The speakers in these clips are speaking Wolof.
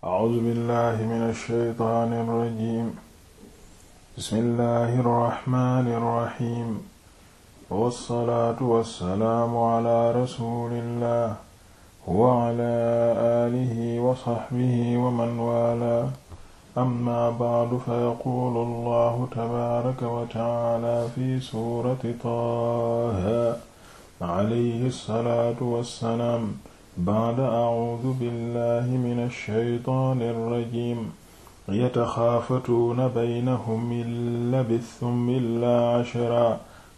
A'uuzu billahi mina shaytaani rajiim. Bismillahi rahmaani rahiim. Wassalaatu wassalaamu ala rasuulillah wa ala aalihi wa sahbihi wa man waalaa. Amma ba'du fa yaquulu Allahu tabaaraka wa ta'aala fi suurati Taaha alayhi salaatu wassalaam. ba'da a'uudu billahi mina shaytaani rajiim yataxaafatuuna baynahum in labithtum illaa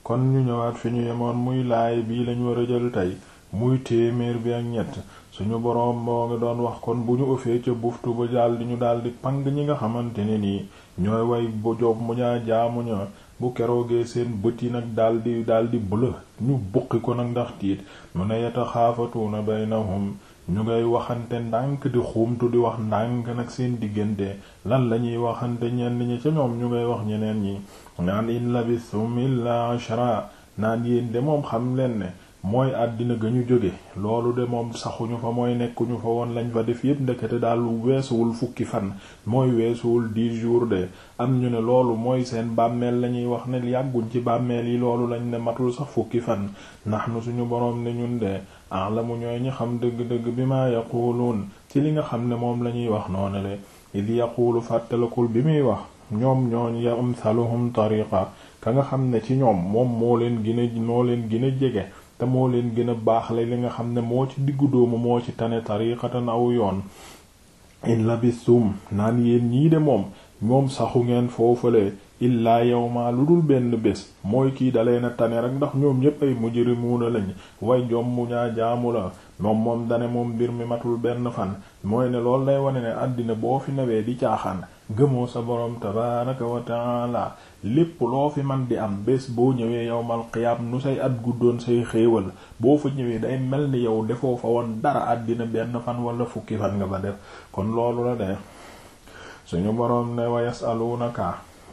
kon ñu ñëwaat fi ñu yemoon muy laay bii lañ war a jël tey muy téeméer bi ak ñett suñu boroom moo ngi doon wax kon bu ñu ëffee ca buftu ba daldi ñu daldi pang ñi nga xamante ne nii ñooy way bu job mu ñaa jaamu ña bu keroogee seen bët yi nag daldi daldi bëla ñu buqi ko nag ndax tiit mu ne yataxaafatuuna baynahum ñu ngay waxante ndànk di xuumtu di wax ndànk nag seen diggante lan lañuy waxante ñenn ñi ca ñoom ñu ngay wax ñeneen ñi naan in labisum illaa ashra naan yéen de moom xam leen ne mooy àddina ga ñu jóge loolu de moom saxuñu fa mooy nekkuñu fa woon lañ fa def yépp ndekete daal weesuwul fukki fan mooy weesuwul dix jour de am ñu ne loolu mooy seen bàmmeel lañuy wax ne yàgguñ ci bàmmeel yi loolu lañ ne matul sax fukki fan ndax na suñu boroom ne ñun de alamu ñooy ñi xam dëgg-dëgg bi ma yaquluun ci li nga xam ne moom lañuy wax noonu le id yaquulu fàttalakul bi muy wax ñoom ñooñ ya amsaluhum tariqa ka nga xam ne ci ñoom moom moo leen gën a leen gën jege te moo leen gën a baaxle li nga xam ne moo ci diggu doomu moo ci tane tariqatan aw yoon in labistum naan yéen ñii de moom moom saxu ngeen foofale illaa yawma lu dul benn bés mooy kii dalee na tane rek ndax ñoom ñépp ay mujrimuuna lañ way jom mu ñaa jaamu la moom moom dane moom mbir mi matul benn fan mooy ne loolu day wane ne àddina boo fi nawee di caaxaan gëmoo sa boroom tabaaraka wa taala lépp loo fi man di am bés boo ñëwee yowmal qiyaam nu say at guddoon say xéewal boo fa ñëwee day mel ni yow defoo fa woon dara àddina benn fan wala fukki fan nga fa def kon loolu la de suñu boroom ne wa yasalunaka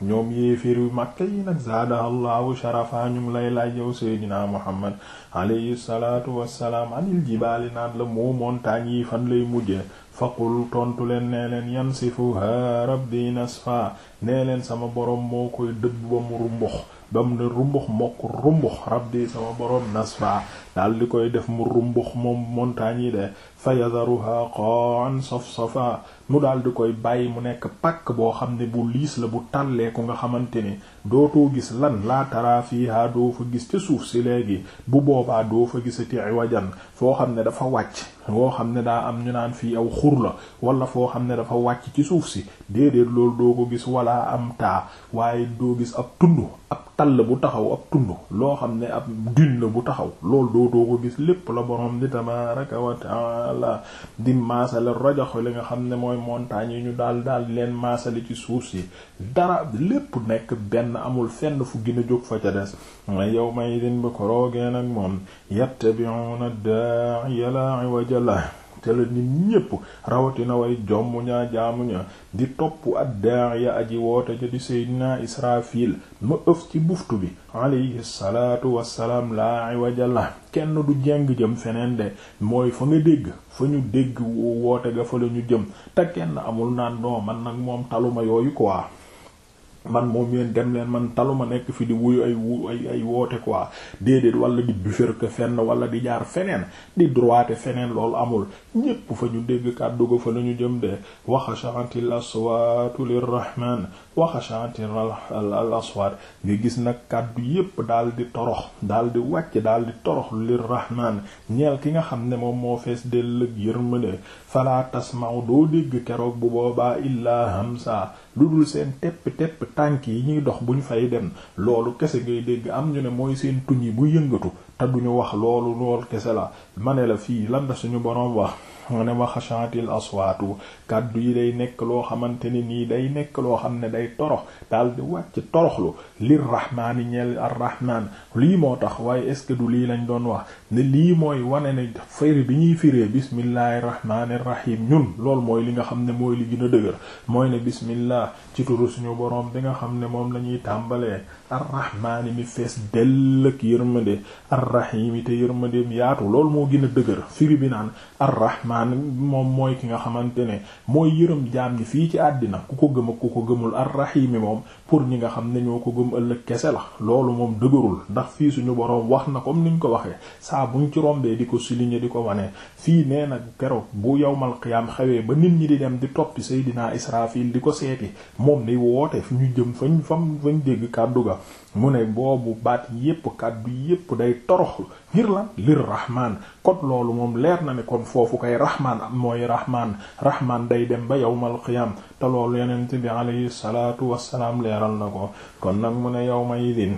ñoom yéefir yu màkke yi nag zaadahallahu sharafa ñu ngi lay laaj yow seydina muhammad alayhi salaatu wassalaam anil jibaali naan la moo montagne yi fan lay mujjee faqul tontu leen nee leen yansifuha rabbi nasfa nee leen sama boroom moo koy dëbb ba mu rumbux ba mu ne rumbux mokk rumbux rabbi sama boroom nasfa daal di koy def mu rumbux moom montagne yi de fa yadaruha qa'an safsafa mu daal di koy bàyyi mu nekk pakk boo xam ne bu liis la bu tàllee ko nga xamante ni dootoo gis lan laa tara fiha doo fa gis ci suuf si léegi bu boobaa doo fa gisati wajan foo xam ne dafa wàcc foo xam ne daa am ñu fii aw xur la wala foo xam ne dafa wàcc ci suuf si déedéet loolu doo ko gis walaa am taa waaye doo gis ab tund ab la bu taxaw ab tund loo xam ne ab dun la bu taxaw loolu dootoo ko gis lépp la borom di tabaraka wa la di maasale rajaxo li nga xam ne mooy montagne yi ñu daal daal leen maasale ci suuf si dara lépp nekk benn amul fenn fu gën a jóg fa ca des may yow may din ba koroogee nag moom yattabi'una ad a la 'iwaja lahu te la nit ñépp rawatina way jomm ñaa jaamu ña di topp ad ya aji woote ja di seydinaa israfil ma ëf ci buftu bi alayhi salaatu wassalaam laa iwaja la kenn du jeng jëm feneen de mooy fa nga dégg fa ñu dégg woote ga fa la ñu jëm te kenn amul naan non man nag moom taluma yooyu quoi man moom yeen dem leen man taluma nekk fi di wuyu ay wu ay ay woote quoi déedéet wala di biférque fenn wala di jaar feneen di droite feneen loolu amul ñépp fa ñu dégg kàddu ga fa la ñu jëm de waxashantil aswaatu lirrahman waxashantil al aswaat nga gis nag kàddu yépp daal di torox daal di wàcc daal di torox lirrahman ñeel ki nga xam ne moom moo fees dellëg yërmande fala tasma'u doo dégg keroog bu booba illaa hamsa lu dul seen tepp tepp tànk yi ñuy dox bu ñu fay dem loolu kese ngay dégg am ñu ne mooy seen tuñ yi bu yëngatu te duñu wax loolu lool kese la ma ne la fii lan la suñu boroom wax mu ne wa xashatil aswaatu kàddu yi day nekk loo xamante ne nii day nekk loo xam ne day torox daal di wàcc toroxlu lir rahmaani ñeel arrahmaan lii moo tax waaye est-ce que du lii lañ doon wax ne lii mooy wane ne firi bi ñuy firee bismillahi rahmaani rahim ñun loolu mooy li nga xam ne mooy li gën a dëgër mooy ne bismillah ci turu suñu boroom bi nga xam ne moom la ñuy tàmbalee arrahmaani mi fees dell ak yërmande arrahim te yërmandeem yaatu loolu moo gën a dëgër firi rahmaan moom mooy ki nga xamante ne mooy yërëm jaam yi fii ci àddina ku ko gëm ak ku ko gëmul arraxiimi moom pour ñi nga xam ne ñoo ko gëm ëllëg kese la loolu moom dëgërul ndax fii suñu boroom wax na comme niñ ko waxee saa buñ ci rombee di ko souligner di ko wane fii nee na keroog bu yowmal qiyaam xewee ba nit ñi di dem di toppi Seydina Israafil di ko seeti moom day woote fi ñu jëm fañ fa fañ dégg kàddu ga mu ne boobu baat yépp kàddu yépp day toroxlu ngir lan lir rahman kon loolu moom leer na ne kon foofu kay rahman mooy rahman rahman day dem ba yawmal qiyam te loolu yonent bi alayhi salaatu wassalaam leeral na ko kon nag mu ne yawma idin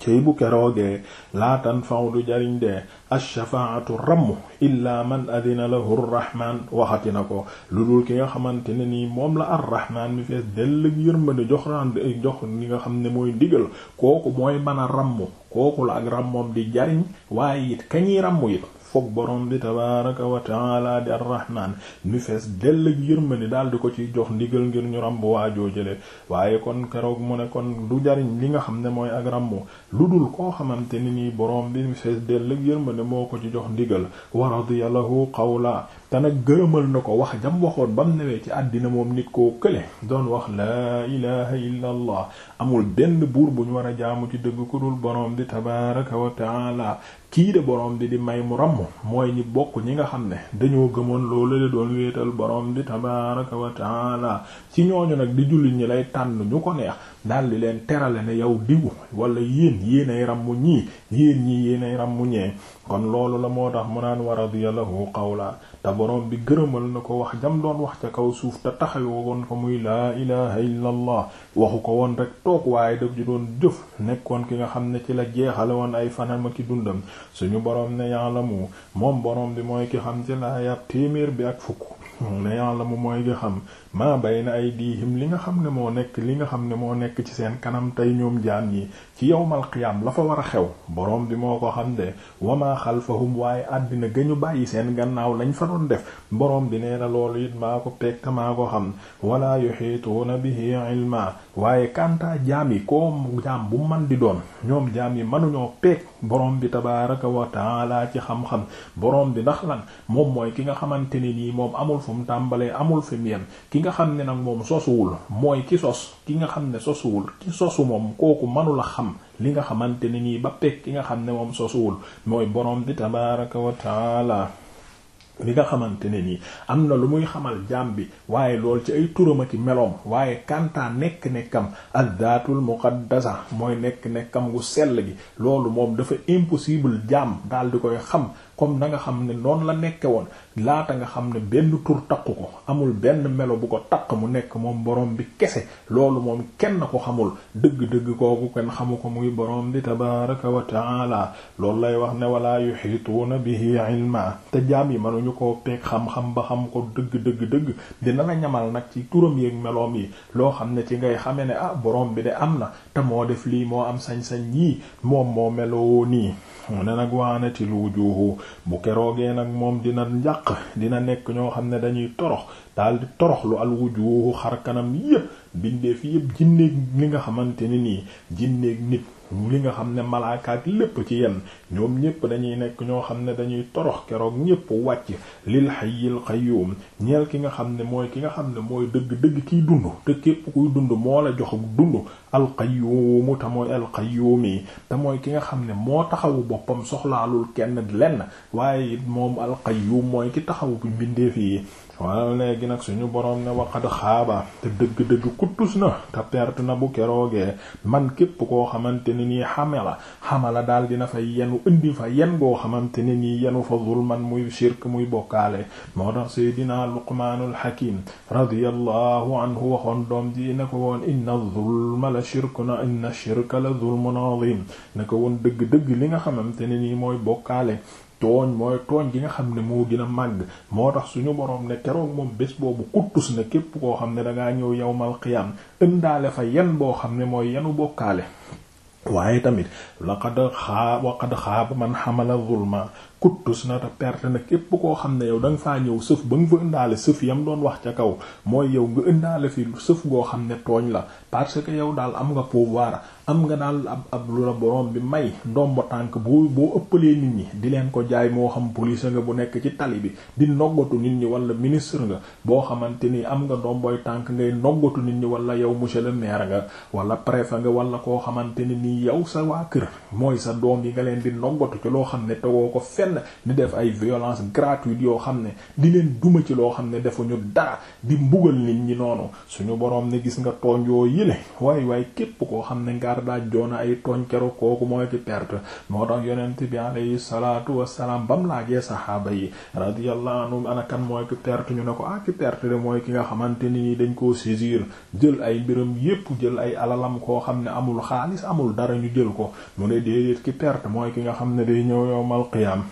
cey bu keroogee laatan faw du jariñ de ashafaatu ramm illaa man adina la rrahman waxati na ko lu dul ki nga xamante ne nii moom la arrahman mi fees dell ak yërmande jox rand jox li nga xam ne mooy ndigal kooku mooy mën a ramm kooku la ak ràmmoom di jariñ waaye it kañiy ràmm it foog borom bi tabaraka wa taala di arrahman mi fees dell ak yërmande daal di ko ci jox ndigal ngir ñu ràmb waajoo jële waaye kon keroog mu ne kon du jariñ li nga xam ne mooy ak ràmb lu dul koo xamante ni nii borom bi mi fees dell ak yërmande moo ko ci jox ndiggal wa radiya lahu qawla te nag gërëmal na ko wax jam waxoon bam nawee ci àddina moom nit koo kële doon wax laa ilaha illa amul benn buur bu ñu war a jaamu ci dëgg ku dul boroom di tabaraka wa taala kii de boroom di di may mu ramm mooy ñi bokk ñi nga xam ne dañoo gëmoon loolu la doon wéetal boroom di tabaraka wa taala ci ñooñu nag di jullit ñi lay tànn ñu ko neex daal di leen terale ne yow diw wala yéen yéenay ràmmu ñii yéen ñii yéenay ràmmu ñee kon loolu la moo tax mu naan wa radiya lahu qawla te boroom bi gërëmal na ko wax jam doon wax ca kaw suuf te taxawoo woon ko muy laa ilaha illa waxu ko woon rek toog waaye daf ju doon jëf nekkoon ki nga xam ne ci la jeexale woon ay fanam ki dundam suñu boroom ne ya'lamu moom boroom bi mooy ki xam ci laa yàpp téeméer bi ak fukk ne yàlla mu mooy nga xam maa bayna ay diihim li nga xam ne moo nekk li nga xam ne moo nekk ci seen kanam tey ñoom jaam yi ci yawmal qiyaam la fa war a xew boroom bi moo ko xam de wamaa xalfahum waaye àddina gëñu bàyyi seen gannaaw lañ fa doon def boroom bi nee na loolu it maa ko peeg te maa ko xam wala yuxiituuna bihi ilma waaye kanta jaam yi koo jaam bu man di doon ñoom jaam yi mënuñoo peeg boroom bi tabaaraka wa taala ci xam-xam boroom bi ndax lan fu tàmbalee amul fi mu ki nga xam ne nag moom sosuwul mooy ki sos ki nga xam ne sosuwul ki sosu moom kooku mënula xam li nga xamante ne nii ba peg ki nga xam ne moom sosuwul mooy borom bi tabaaraka wa taala li nga xamante ne nii am na lu muy xamal jaam bi waaye lool ci ay turamati meloom waaye kantaa nekk-nekkam addaatul muqaddasa mooy nekk-nekkam gu sell gi loolu moom dafa impossible jaam daal di koy xam comme na nga xam ne noonu la nekke woon laata nga xam ne benn tur takku ko amul benn melo bu ko takk mu nekk moom borom bi kese loolu moom kenn ko xamul dëgg-dëgg kooku kenn xamu ko muy borom bi tabaraka wa taala loolu lay wax ne wala yuhituuna bihi ilma te yi manu ñu ko peeg xam-xam ba xam ko dëgg-dëgg-dëgg dina la ñamal nag ci turam yeeg meloom yi loo xam ne ci ngay xamee ne ah borom bi de am na te moo def lii moo am sañ-sañ yii moom moo meloo nii nag ne nag waanatil wujuhu bu keroogee nag moom dina njàq dina nekk ñoo xam ne dañuy torox daal di toroxlu al wujuhu xar kanam yépp bindeef yépp jinneeg li nga xamante ne nii jinneeg nit li nga xam ne malaakaak lépp ci yenn ñoom ñépp dañuy nekk ñoo xam ne dañuy torox keroog ñépp wàcc lil hayyil qayyum ñeel ki nga xam ne mooy ki nga xam ne mooy dëgg-dëgg kiy dund te képp kuy dund moo la jox dund al qayyum te mooy al qayyum yi te mooy ki nga xam ne moo taxawu boppam soxlaalul kenn lenn waaye it moom al qayyum mooy ki taxawu bi mbindeef yi waaw léegi nag suñu boroom ne waqad xaaba te dëgg-dëgg kuttus na te perte na bu keroogee man képp koo xamante ne nii xamala xamala daal dina fay yenu indi fa yen xamante ne nii yenu fa zulman muy shirk muy bokkaale moo tax seydina luqmaanul hakim radiyallahu anhu waxoon doom ji ne ko woon inna zulma la shirku na inna shirka la zulmun azim ne ko woon dëgg-dëgg li nga xamante ne nii mooy bokkaale tooñ mooy tooñ gi nga xam ne moo gën a màgg moo tax suñu boroom ne keroog moom bés boobu kuttus na képp koo xam ne dangaa ñëw yawmal qiyaam daale fa yan boo xam ne mooy yanu bokkaale waaye tamit laqad xaab waqad xaab man xamala zulma kuttus na te perte na képp koo xam ne yow da nga faa ñëw sëf ba nga fa ëndaale sëf yam doon wax ca kaw mooy yow nga ëndaale goo xam ne tooñ la parce que yow daal am nga pouvoir am nga daal ab ab lu la borom bi may ndombo tànk boo boo ëppalee nit ñi di leen ko jaay moo xam police nga bu nekk ci tali bi di noggatu nit ñi wala ministre nga boo xamante ni am nga ndomboy tànk ngay noggatu nit ñi wala yow monsieur le maire nga wala wala koo xamante ni yow sa waa kër mooy sa doom yi nga leen di noggatu ci loo xam ne tegoo ko fenn kenn def ay violence gratuite yoo xam ne di leen duma ci loo xam ne defuñu dara di mbugal nit ñi noonu suñu boroom ne gis nga tooñ yoo yële waay képp koo xam ne ngaar daa joona ay tooñ kooku mooy ci moo tax yonent bi alayhi salaatu wassalaam bam laajee saxaaba yi radiyallahu ana mooy ci ñu ne ko ah ci mooy ki nga xamante ni dañ koo saisir jël ay mbiram yépp jël ay alalam koo xam ne amul xaalis amul dara ñu jël ko mu ne déedéet ki perte mooy ki nga xam ne day ñëw yowmal qiyaam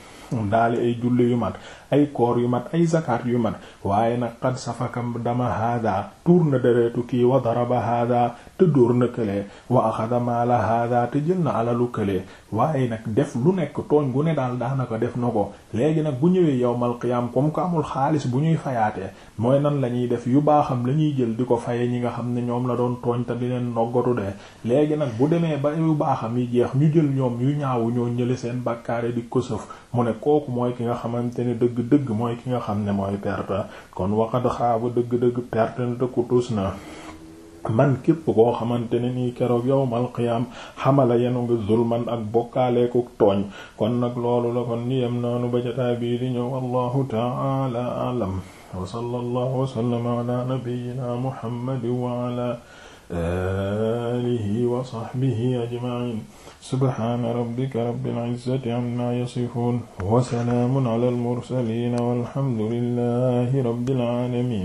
daali ay julli yu mat ay koor yu mat ay zakat yu mat waaye nag qad safakam dama hada tour na deretu kii wa daraba hada te dóor na këlee wa axada maala hada te jël na alalu kële waaye nag def lu nekk tooñ gu ne daal daanaka def na ko léegi nag bu ñëwee yow qiyaam comme ko amul xaalis bu ñuy fayaatee mooy nan la ñuy def yu baaxam la ñuy jël di ko faye ñi nga xam ne ñoom la doon tooñ te di leen noggatu de léegi nag bu demee ba yu baaxam yi jeex ñu jël ñoom yu ñaawu ñoo ñële seen bàkkaare di ko sëf mu ne kooku mooy ki nga xamante ne dëgg-dëgg mooy ki nga xam ne mooy perte kon waxat dëgg-dëgg perte na te na man képp koo xamante ne nii keroog yowmal qiyaam xamala yenu ngi zulman ak bokkaaleeku tooñ kon nag loolu la kon niyam noonu ba jotaay bii di ñëw wallahu ta'ala alam wa sallallahu wa sallama ala nabiyyina muhammadin wa ala alihi wa sahbihi ajma'in subhana rabbika rabbil izzati amma yasifun wa salaamun ala al mursalin walhamdulillahi rabbil alamin